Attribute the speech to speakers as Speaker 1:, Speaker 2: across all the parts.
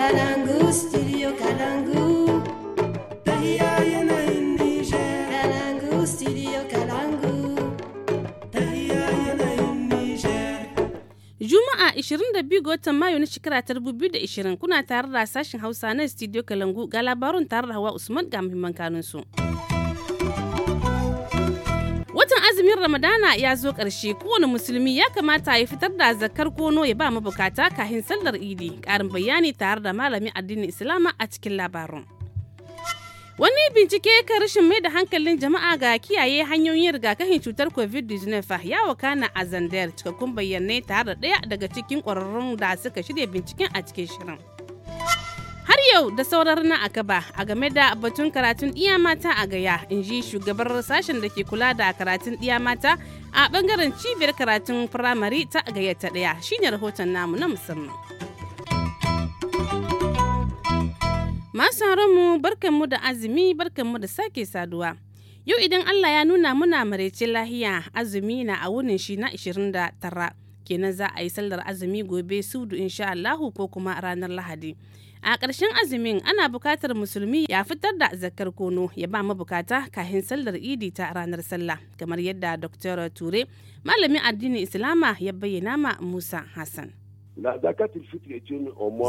Speaker 1: studio studio
Speaker 2: Juma'a 22 ga watan Mayu na shekara ta 2020 kuna tare da sashen Hausa na studio Kalangu ga labarun tare da Hawa Usman ga muhimman kanunsu. su. azumin ramadana ya zo ƙarshe kowane musulmi ya kamata ya fitar da zakar kono ya ba mabukata kahin sallar idi ƙarin bayani tare da malamin addinin islama a cikin labarin wani bincike ka rashin mai da hankalin jama'a ga kiyaye hanyoyin rigakafin cutar covid-19 ya wakana a zandar cikakkun bayyanai tare da ɗaya daga cikin ƙwararrun da suka shirya binciken a cikin shirin yau da saurar na akaba a game da batun karatun iya mata a gaya in ji shugabar sashen da ke kula da karatun iya mata a bangaren cibiyar karatun firamare ta gaya ta daya shine rahoton namu na musamman masu mu barkanmu da azumi barkanmu da sake saduwa yau idan allah ya nuna muna maraice lahiya azumi na a wunin shi na 29 kenan za a yi sallar azumi gobe sudu insha allahu ko kuma ranar lahadi a ƙarshen azumin ana buƙatar musulmi ya fitar da zakar kono ya ba mabukata kafin sallar idi ta ranar sallah kamar yadda dr ture malamin addinin islama ya bayyana ma musa hassan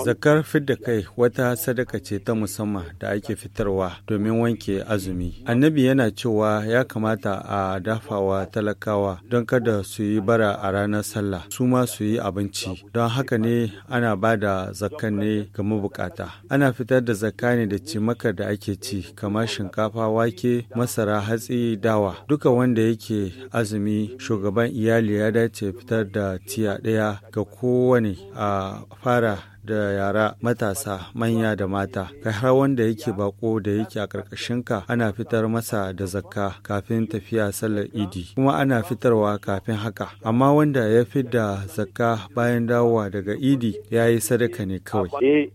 Speaker 1: Zakar fidda kai wata sadaka ce ta musamman da ake fitarwa domin wanke azumi. Annabi yana cewa ya kamata a dafawa talakawa don kada su yi bara a ranar sallah, su ma su yi abinci. Don haka ne ana ba da zakar ne ga mabukata. Ana fitar da zakka ne da cimaka da ake ci, kamar shinkafa, wake, masara, hatsi, dawa. Duka wanda yake azumi, shugaban iyali ya dace fitar da tiya ɗaya ga kowane a fara da yara matasa manya da mata kai har wanda yake bako da yake a ka ana fitar masa da zakka kafin tafiya sallar idi kuma ana fitarwa kafin haka amma wanda ya fi da zakka bayan dawowa daga idi ya yi sadaka ne kawai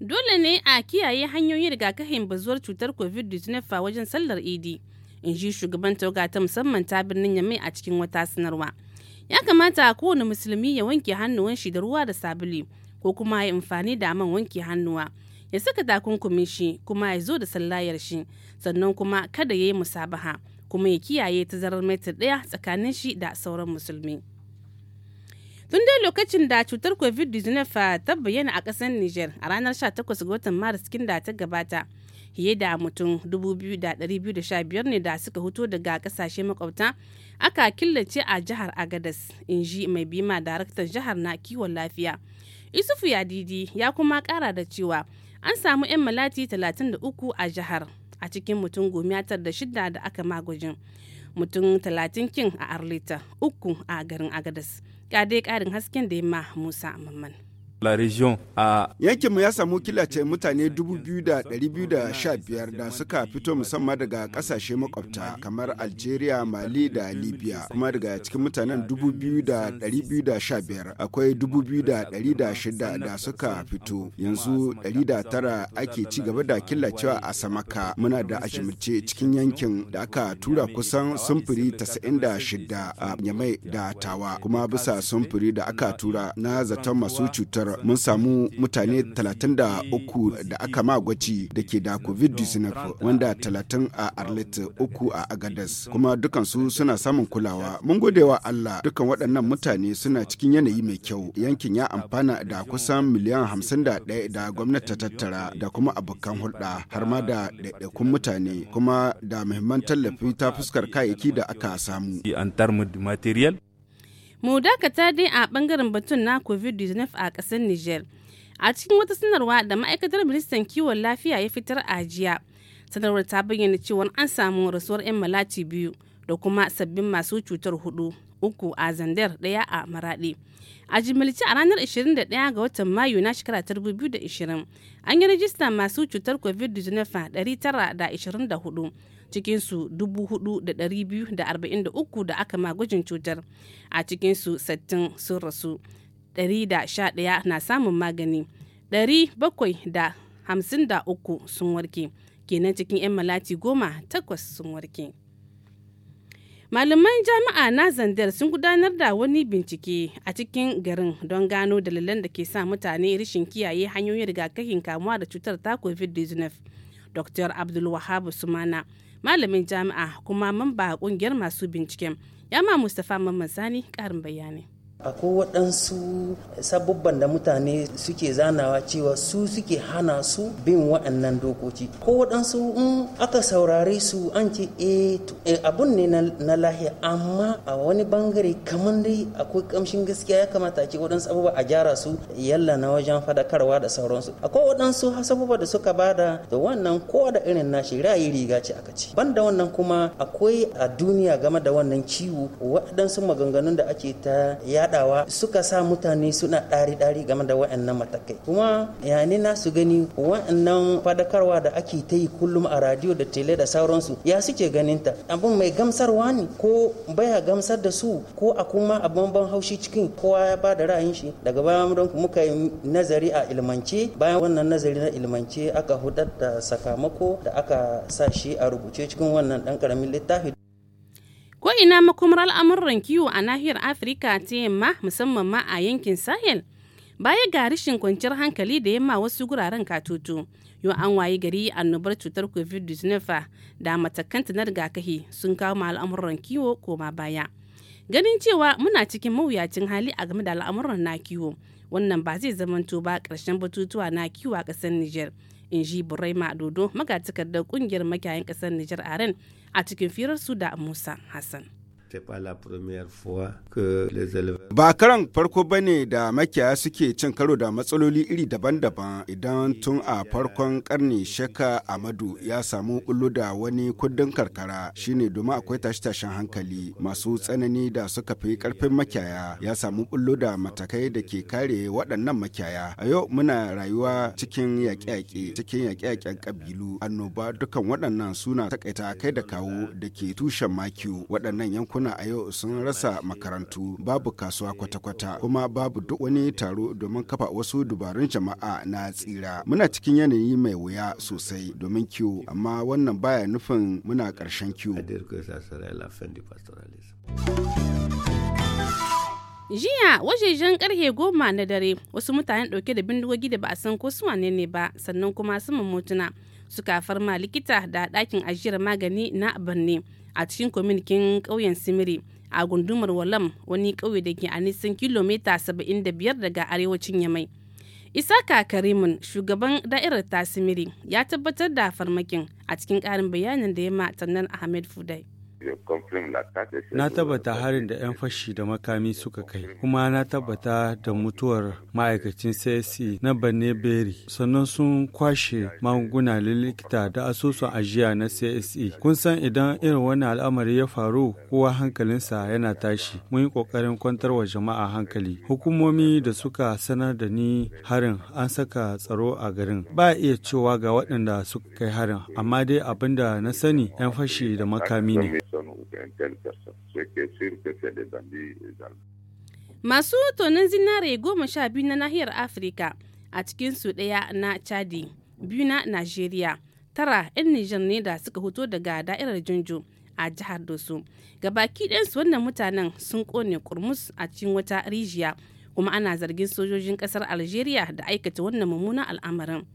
Speaker 2: Dole ne a kiyaye hanyoyin rigakafin bazuwar cutar COVID-19 wajen sallar Idi. in ji shugaban tauga ta musamman ta birnin yamai a cikin wata sanarwa ya kamata a kowane musulmi ya wanke hannuwan shi da ruwa da sabulu ko kuma ya amfani da man wanke hannuwa ya saka takunkumin shi kuma ya zo da sallayar shi sannan kuma kada ya yi musabaha kuma ya kiyaye tazarar metar ɗaya tsakanin shi da sauran musulmi. Tun dai lokacin da cutar COVID-19 ta bayyana a kasar niger a ranar 18 ga watan Maris kin da ta gabata, fiye da mutum 2,215 ne da suka hoto daga kasashe makwabta aka killace a jihar agadas in ji mai bima daraktan jihar na kiwon lafiya isufu yadidi ya kuma kara da cewa an samu 'yan malati 33 a jihar a cikin mutum goma da shida da aka magujin mutum talatin kin a arlita uku a garin agadas ga dai ƙarin hasken da ya ma musa mamman
Speaker 1: La region a
Speaker 3: yankinmu ya samu killace mutane 2,215 da suka fito musamman daga kasashe makwabta kamar Algeria, Mali da Libya kuma daga cikin mutanen 2,215 akwai 2,600 da suka fito yanzu 109 ake ci gaba da killacewa a Samaka muna da ajimce cikin yankin da aka tura kusan sumfuri 96 a Yamai da Tawa kuma bisa sumfuri da aka tura na zaton masu cutar mun samu mutane 33 da aka ma gwaji da ke da COVID-19 wanda 30 a arlet uku a Agadas kuma dukansu suna samun kulawa. Mun gode wa Allah dukan waɗannan mutane suna cikin yanayi mai kyau. Yankin ya amfana da kusan miliyan 51 da gwamnati ta tattara da kuma abokan hulɗa har ma da ɗaiɗaikun mutane kuma da muhimman tallafi ta fuskar kayayyaki da aka samu.
Speaker 2: Mu dakata dai a bangaren batun na COVID-19 a kasar Niger? A cikin wata sanarwa da ma'aikatar ministan kiwon lafiya ya fitar a jiya, sanarwar ta bayyana cewa an samu rasuwar 'yan malati biyu da kuma sabbin masu cutar hudu uku a zandar daya a maraɗe a jimilci a ranar 21 ga watan mayu na shekara 2020 an yi rajista masu cutar covid-19 924 cikin cikinsu 4,243 da aka magwajin cutar a cikin su 60 sun rasu 111 na samun magani 753 sun warke kenan cikin 'yan malati goma takwas sun warke. malaman jami'a na zandar sun gudanar da wani bincike a cikin garin don gano dalilan da ke sa mutane rashin kiyaye hanyoyin rigakafin kamuwa da cutar ta covid-19 dr Abdul abdulwahab sumana malamin jami'a kuma mamba kungiyar masu binciken yama mustapha mamman sani ƙarin bayani
Speaker 4: akwai waɗansu sabubban da mutane suke zanawa cewa su suke hana su bin wa'annan dokoki ko waɗansu in aka saurare su an ce e abun ne na lahiya amma a wani bangare kamar dai akwai kamshin gaskiya ya kamata ce waɗansu abubuwa a gyara su yalla na wajen fadakarwa da sauransu akwai waɗansu sabubuwa da suka bada da wannan ko da irin nashi ra'ayi riga ce aka ce banda wannan kuma akwai a duniya game da wannan ciwo waɗansu maganganun da ake ta yaɗa yadawa suka sa mutane suna ɗari-ɗari game da wa'annan matakai kuma yani na su gani wa'annan fadakarwa da ake ta yi kullum a radio da tele da sauransu ya suke ganin ta abin mai gamsarwa ne ko baya gamsar da su ko a kuma a ban haushi cikin kowa ya ba da ra'ayin shi daga bayan don muka yi nazari a ilmance bayan wannan nazari na ilmance aka hudar da sakamako da aka sa shi a rubuce cikin wannan dan karamin littafi
Speaker 2: Ko ina makomar al'amuran kiwo a nahiyar Afirka ta yamma musamman ma a yankin Sahel? Baya ga rashin kwanciyar hankali da yamma wasu guraren katoto, yau an wayi gari annobar cutar COVID-19 da matakanta na rigakahi sun kawo ma al'amuran kiwo koma baya. Ganin cewa muna cikin mawuyacin hali a game da al'amuran na kiwo, wannan ba zai zamanto ba ƙarshen batutuwa na kiwo ƙasar Nijar in ji buraima dodo magatakardar ƙungiyar makiyayin ƙasar Nijar a ren a cikin firarsu da musa hassan
Speaker 3: Ba karan farko ba ne da makiyaya suke cin karo da matsaloli iri daban-daban idan tun a farkon karni shaka Amadu ya samu kullu da wani kudin karkara shine domin akwai tashe-tashen hankali masu tsanani da suka fi karfin makiyaya ya samu kullu da matakai da ke kare waɗannan makiyaya. A yau muna rayuwa cikin yaƙe-yaƙe cikin yaƙe-yaƙen ƙabilu annoba dukan waɗannan suna takaita kai da kawo da ke tushen makiyu waɗannan yankunan yankuna a yau sun rasa makarantu babu kasuwa kwata-kwata kuma babu duk wani taro domin kafa wasu dubarun jama'a na tsira muna cikin yanayi mai wuya sosai domin kiwo amma wannan baya nufin muna karshen kiwo
Speaker 2: jiya wajejen karhe goma na dare wasu mutane dauke da bindigogi da ba a san ko su wane ne ba sannan kuma su mummutuna suka farma likita da dakin ajiyar magani na birni a cikin kwaminikin ƙauyen simiri a gundumar walam wani ƙauye da ke a nisan kilomita 75 daga arewacin yamai isaka karimun shugaban da'irar tasimiri ya tabbatar da farmakin a cikin ƙarin bayanin da ya ma tannan ahmed fudai
Speaker 1: Na tabbata harin da 'yan fashi da makami suka kai, kuma na tabbata da mutuwar ma'aikacin CSC na Bane Beri, sannan sun kwashe magunguna likita da asusun ajiya na CSE. Kun san idan irin wani al'amari ya faru, kowa hankalinsa yana tashi. Mun yi ƙoƙarin kwantar wa jama'a hankali. Hukumomi da suka sanar da ni harin an saka tsaro a garin. Ba iya cewa ga waɗanda suka kai harin, amma dai abin da na sani 'yan fashi da makami ne. personne ou telle personne, ce qui est sûr que c'est des bandits également.
Speaker 2: Masu tonin zinare goma sha biyu na nahiyar Afirka a cikin su ɗaya na Chadi, biyu na Najeriya, tara 'yan Nijar ne da suka hoto daga da'irar Junju a jihar Doso. Gabaki ɗansu wannan mutanen sun ƙone kurmus a cikin wata rijiya kuma ana zargin sojojin ƙasar Algeria da aikata wannan mummunan al'amarin.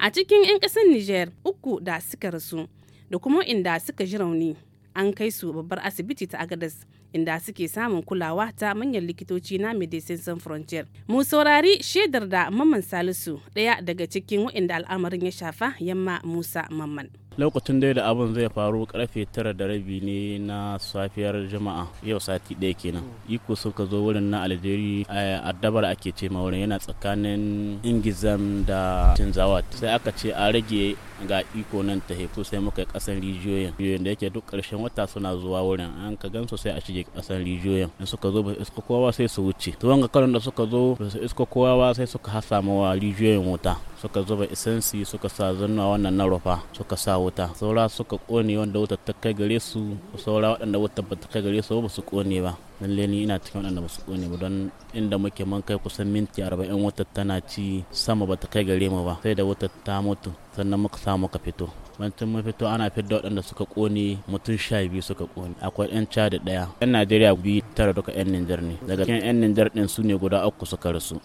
Speaker 2: A cikin 'yan ƙasar Nijar uku da suka rasu da kuma inda suka ji rauni an kai su babbar asibiti ta agadas inda suke samun kulawa ta manyan likitoci na medecines sans frontier mu saurari shaidar da mamman salisu daya daga cikin wainda al'amarin ya shafa yamma musa mamman
Speaker 5: lokacin dai da abin zai faru karfe tara da rabi ne na safiyar jama'a yau sati ɗaya kenan iko suka zo wurin na aljeri a dabar ake ce ma wurin yana tsakanin ingizam da tinzawat sai aka ce a rage ga iko nan ta hefu sai muka yi kasan rijiyoyin rijiyoyin da yake duk karshen wata suna zuwa wurin an ka su sai a shige kasan rijiyoyin in suka zo ba iska kowa sai su wuce to wanga karon da suka zo ba su iska kowa sai suka hasa wa rijiyoyin wuta suka zo ba isansi suka sa zanna wannan na rufa suka sa wuta saura suka kone wanda wuta ta kai gare su saura waɗanda wuta ba ta kai gare su ba su kone ba lalle ni ina cikin waɗanda ba su ƙone ba don inda muke mun kai kusan minti arba'in wata tana ci sama ba ta kai gare mu ba sai da wata ta mutu sannan muka samu ka fito bancin mu fito ana fidda waɗanda suka ƙone mutum sha biyu suka ƙone akwai yan da ɗaya yan najeriya biyu tara duka yan nijar ne daga cikin yan nijar ɗin su ne guda uku suka rasu.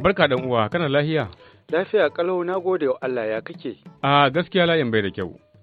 Speaker 1: barka dan uwa kana lahiya lafiya kalau na gode wa allah ya kake a gaskiya layin bai da kyau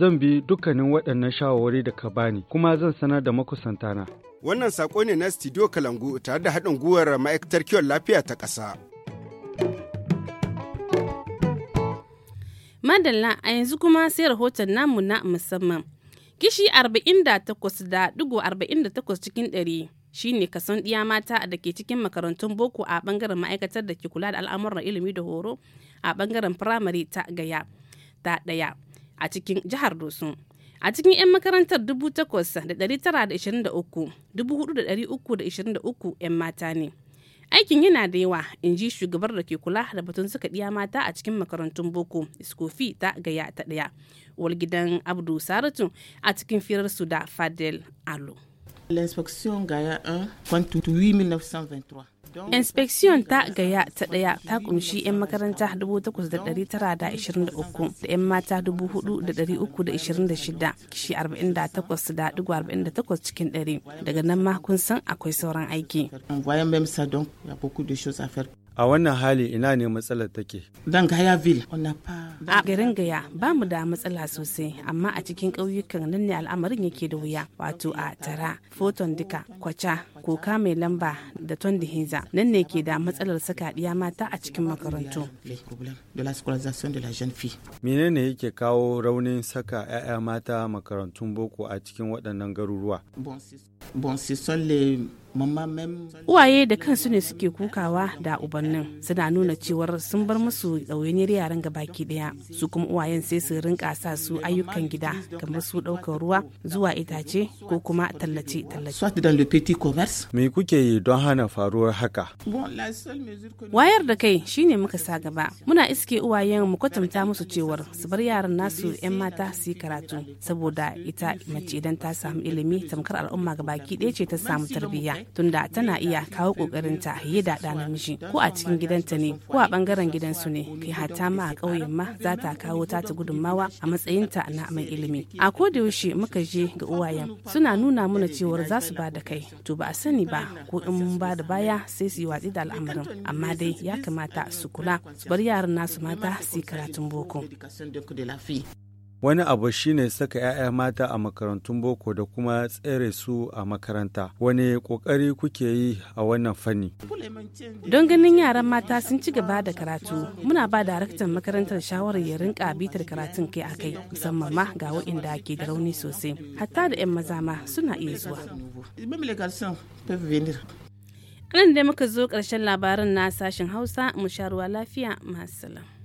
Speaker 1: zan bi dukkanin waɗannan shawarwari da ka bani kuma zan sanar da makusantana. Wannan saƙo ne
Speaker 3: na Studio Kalangu tare da haɗin gwiwar ma'aikatar kiwon lafiya ta ƙasa.
Speaker 2: Madalla a yanzu kuma sai rahoton namu na musamman. Kishi 48.48 cikin ɗari. shine kason ɗiya mata da ke cikin makarantun boko a ɓangaren ma'aikatar da ke kula da al'amuran ilimi da horo a ɓangaren firamare ta ta ɗaya a cikin jihar Dosun. A cikin 'yan makarantar 8,923,323 'yan mata ne. Aikin yana da yawa, in ji shugabar da ke kula da batun suka ɗiya mata a cikin makarantun boko, iskofi ta gaya ta ɗaya. Uwar gidan Abdu Saratu a cikin firarsu da Fadel Alo.
Speaker 4: L'inspection Gaya
Speaker 5: 1 28
Speaker 2: Inspection ta gaya ta ɗaya ta kumshi 'yan makaranta 8,923 da 'yan mata 4,326 kishi 48.48 cikin 100 daga nan ma kun san akwai
Speaker 1: sauran aiki. a wannan hali ina ne matsalar
Speaker 5: take dan gaya a
Speaker 2: garin gaya ba mu da matsala sosai amma a cikin ƙauyukan nan ne al'amarin yake da wuya wato a tara foton duka kwacha koka mai lamba da ton hiza nan ne ke da matsalar saka ɗiya mata a cikin makarantu.
Speaker 1: Menene yake kawo raunin saka 'ya'ya mata makarantun boko a cikin waɗannan garuruwa?
Speaker 2: Uwaye da kansu ne suke kukawa da ubannin suna nuna cewar sun bar musu ɗauyeniyar yaran baki ɗaya su kuma uwayen sai su rinka sa su ayyukan gida kamar su ɗaukar ruwa zuwa itace ko kuma
Speaker 5: tallace-tallace.
Speaker 1: me kuke yi don hana faruwar haka?
Speaker 2: Wayar da kai shine muka sa gaba. Muna iske uwayen mu kwatanta musu cewar su bar yaran nasu 'yan mata su yi karatu saboda ita mace idan ta samu ilimi tamkar al'umma ga baki ɗaya ce ta samu tarbiyya tunda tana iya kawo ta yi da ɗa namiji ko a cikin gidanta ne ko a bangaren gidansu ne kai hata ma a ƙauyen ma za ta kawo ta ta gudunmawa a matsayinta na mai ilimi. A ko da yaushe muka je ga uwayen suna nuna muna cewar za su ba da kai to ba a sani ba ko in mun ba da baya sai su yi watsi da al'amarin amma dai ya kamata su kula su bar yaran nasu mata su yi karatun boko.
Speaker 1: Wani abu shine saka 'ya'ya mata a makarantun boko da kuma tsere su a makaranta. wani kokari kuke yi a wannan fanni?
Speaker 2: Don ganin yaran mata sun ci gaba da karatu, muna ba daraktan makarantar shawarar ya rinka bitar karatun kai a kai, musamman ma ga waɗanda ke da rauni sosai. Hatta da 'yan maza ma suna iya zuwa. Nan da muka zo karshen labarin na sashen Hausa, mu sha lafiya, masu salam.